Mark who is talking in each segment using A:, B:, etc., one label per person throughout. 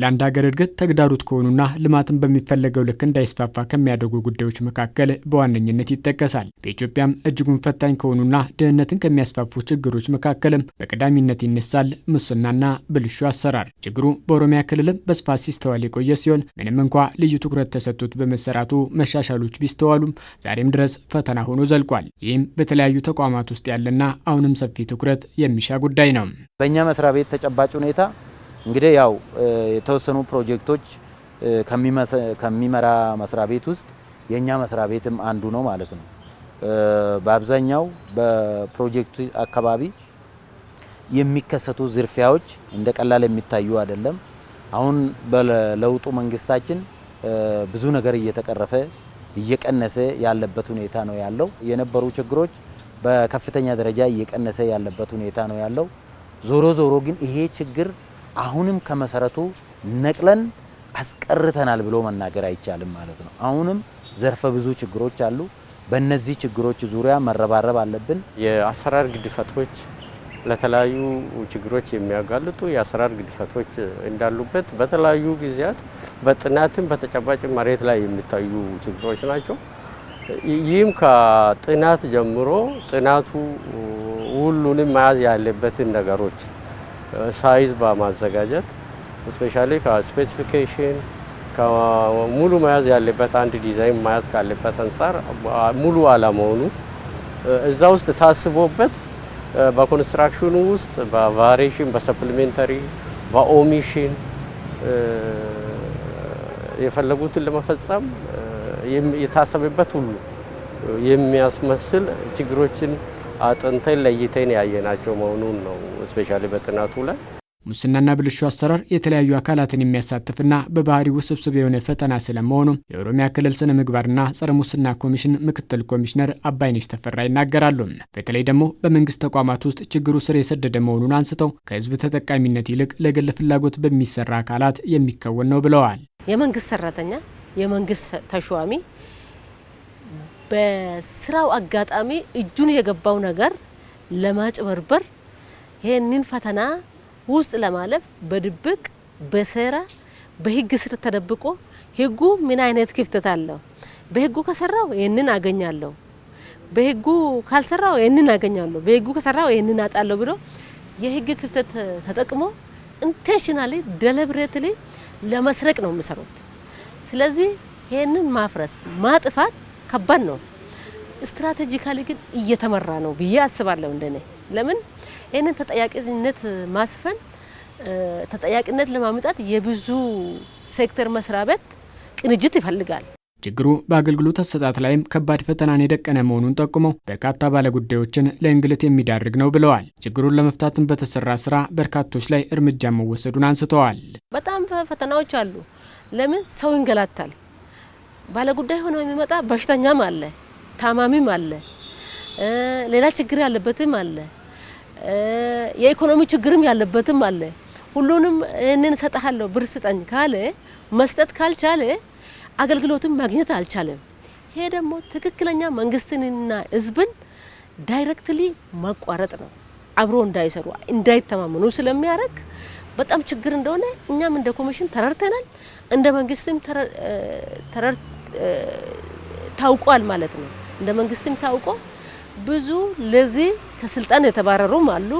A: ለአንድ ሀገር እድገት ተግዳሮት ከሆኑና ልማትን በሚፈለገው ልክ እንዳይስፋፋ ከሚያደርጉ ጉዳዮች መካከል በዋነኝነት ይጠቀሳል። በኢትዮጵያም እጅጉን ፈታኝ ከሆኑና ድህነትን ከሚያስፋፉ ችግሮች መካከልም በቀዳሚነት ይነሳል ሙስናና ብልሹ አሰራር። ችግሩ በኦሮሚያ ክልልም በስፋት ሲስተዋል የቆየ ሲሆን ምንም እንኳ ልዩ ትኩረት ተሰጥቶት በመሰራቱ መሻሻሎች ቢስተዋሉም ዛሬም ድረስ ፈተና ሆኖ ዘልቋል። ይህም በተለያዩ ተቋማት ውስጥ ያለና አሁንም ሰፊ ትኩረት የሚሻ ጉዳይ ነው።
B: በእኛ መስሪያ ቤት ተጨባጭ ሁኔታ እንግዲህ ያው የተወሰኑ ፕሮጀክቶች ከሚመራ መስሪያ ቤት ውስጥ የእኛ መስሪያ ቤትም አንዱ ነው ማለት ነው። በአብዛኛው በፕሮጀክቱ አካባቢ የሚከሰቱ ዝርፊያዎች እንደ ቀላል የሚታዩ አይደለም። አሁን በለውጡ መንግስታችን ብዙ ነገር እየተቀረፈ እየቀነሰ ያለበት ሁኔታ ነው ያለው። የነበሩ ችግሮች በከፍተኛ ደረጃ እየቀነሰ ያለበት ሁኔታ ነው ያለው። ዞሮ ዞሮ ግን ይሄ ችግር አሁንም ከመሰረቱ ነቅለን አስቀርተናል ብሎ መናገር አይቻልም ማለት ነው። አሁንም ዘርፈ ብዙ ችግሮች አሉ። በእነዚህ ችግሮች ዙሪያ መረባረብ አለብን።
C: የአሰራር ግድፈቶች ለተለያዩ ችግሮች የሚያጋልጡ የአሰራር ግድፈቶች እንዳሉበት በተለያዩ ጊዜያት በጥናትም በተጨባጭ መሬት ላይ የሚታዩ ችግሮች ናቸው። ይህም ከጥናት ጀምሮ ጥናቱ ሁሉንም መያዝ ያለበትን ነገሮች ሳይዝ በማዘጋጀት ስፔሻሊ ከስፔሲፊኬሽን ሙሉ መያዝ ያለበት አንድ ዲዛይን መያዝ ካለበት አንጻር ሙሉ አለመሆኑ እዛ ውስጥ ታስቦበት በኮንስትራክሽኑ ውስጥ በቫሪሽን፣ በሰፕሊሜንተሪ፣ በኦሚሽን የፈለጉትን ለመፈጸም የታሰበበት ሁሉ የሚያስመስል ችግሮችን አጥንተን ለይተን ያየናቸው መሆኑን ነው። እስፔሻሊ በጥናቱ ላይ
A: ሙስናና ብልሹ አሰራር የተለያዩ አካላትን የሚያሳትፍና በባህሪ ውስብስብ የሆነ ፈተና ስለመሆኑ የኦሮሚያ ክልል ስነ ምግባርና ጸረ ሙስና ኮሚሽን ምክትል ኮሚሽነር አባይነሽ ተፈራ ይናገራሉ። በተለይ ደግሞ በመንግስት ተቋማት ውስጥ ችግሩ ስር የሰደደ መሆኑን አንስተው ከህዝብ ተጠቃሚነት ይልቅ ለግል ፍላጎት በሚሰራ አካላት የሚከወን ነው ብለዋል።
D: የመንግስት ሰራተኛ፣ የመንግስት ተሿሚ በስራው አጋጣሚ እጁን የገባው ነገር ለማጭበርበር ይህንን ፈተና ውስጥ ለማለፍ በድብቅ በሴራ በህግ ስር ተደብቆ ህጉ ምን አይነት ክፍተት አለው፣ በህጉ ከሰራው ይህንን አገኛለሁ፣ በህጉ ካልሰራው ይህንን አገኛለሁ፣ በህጉ ከሰራው ይህንን አጣለሁ ብሎ የህግ ክፍተት ተጠቅሞ ኢንቴንሽናሊ ደለብሬትሊ ለመስረቅ ነው የሚሰሩት። ስለዚህ ይህንን ማፍረስ ማጥፋት ከባድ ነው። ስትራቴጂካሊ ግን እየተመራ ነው ብዬ አስባለሁ። እንደኔ ለምን ይህንን ተጠያቂነት ማስፈን ተጠያቂነት ለማምጣት የብዙ ሴክተር መስሪያ ቤት ቅንጅት ይፈልጋል።
A: ችግሩ በአገልግሎት አሰጣት ላይም ከባድ ፈተናን የደቀነ መሆኑን ጠቁመው በርካታ ባለጉዳዮችን ለእንግልት የሚዳርግ ነው ብለዋል። ችግሩን ለመፍታትም በተሰራ ስራ በርካቶች ላይ እርምጃ መወሰዱን አንስተዋል።
D: በጣም ፈተናዎች አሉ። ለምን ሰው ይንገላታል? ባለጉዳይ ሆኖ የሚመጣ በሽተኛም አለ፣ ታማሚም አለ፣ ሌላ ችግር ያለበትም አለ፣ የኢኮኖሚ ችግርም ያለበትም አለ። ሁሉንም ይህንን ሰጠሃለሁ ብር ስጠኝ ካለ መስጠት ካልቻለ አገልግሎትን ማግኘት አልቻለም። ይሄ ደግሞ ትክክለኛ መንግስትንና ህዝብን ዳይሬክትሊ ማቋረጥ ነው። አብሮ እንዳይሰሩ እንዳይተማመኑ ስለሚያደርግ በጣም ችግር እንደሆነ እኛም እንደ ኮሚሽን ተረድተናል፣ እንደ መንግስትም ተረድ ታውቋል ማለት ነው። እንደ መንግስትም ታውቆ ብዙ ለዚህ ከስልጣን የተባረሩም አሉ፣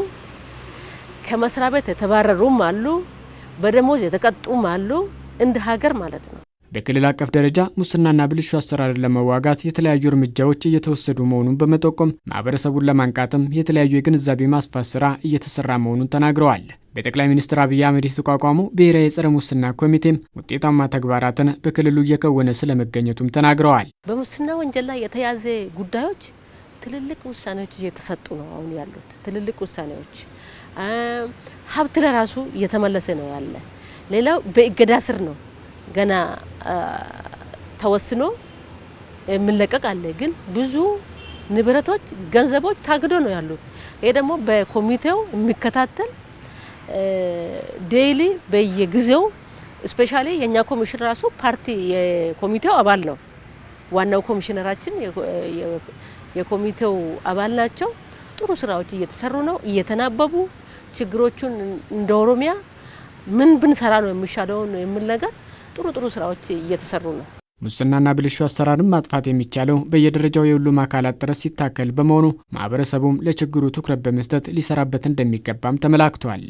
D: ከመስሪያ ቤት የተባረሩም አሉ፣ በደሞዝ የተቀጡም አሉ፣ እንደ ሀገር ማለት ነው።
A: በክልል አቀፍ ደረጃ ሙስናና ብልሹ አሰራርን ለመዋጋት የተለያዩ እርምጃዎች እየተወሰዱ መሆኑን በመጠቆም ማህበረሰቡን ለማንቃትም የተለያዩ የግንዛቤ ማስፋት ስራ እየተሰራ መሆኑን ተናግረዋል። በጠቅላይ ሚኒስትር አብይ አህመድ የተቋቋመው ብሔራዊ የጸረ ሙስና ኮሚቴም ውጤታማ ተግባራትን በክልሉ እየከወነ ስለመገኘቱም ተናግረዋል።
D: በሙስና ወንጀል ላይ የተያዘ ጉዳዮች ትልልቅ ውሳኔዎች እየተሰጡ ነው። አሁን ያሉት ትልልቅ ውሳኔዎች ሀብት ለራሱ እየተመለሰ ነው ያለ። ሌላው በእገዳ ስር ነው ገና ተወስኖ የምንለቀቅ አለ። ግን ብዙ ንብረቶች፣ ገንዘቦች ታግዶ ነው ያሉት። ይሄ ደግሞ በኮሚቴው የሚከታተል ዴይሊ በየጊዜው ስፔሻሊ የእኛ ኮሚሽን ራሱ ፓርቲ የኮሚቴው አባል ነው። ዋናው ኮሚሽነራችን የኮሚቴው አባል ናቸው። ጥሩ ስራዎች እየተሰሩ ነው፣ እየተናበቡ ችግሮቹን እንደ ኦሮሚያ ምን ብንሰራ ነው የሚሻለውን የምል ነገር ጥሩ ጥሩ ስራዎች እየተሰሩ ነው።
A: ሙስናና ብልሹ አሰራርን ማጥፋት የሚቻለው በየደረጃው የሁሉም አካላት ጥረት ሲታከል በመሆኑ ማህበረሰቡም ለችግሩ ትኩረት በመስጠት ሊሰራበት እንደሚገባም ተመላክቷል።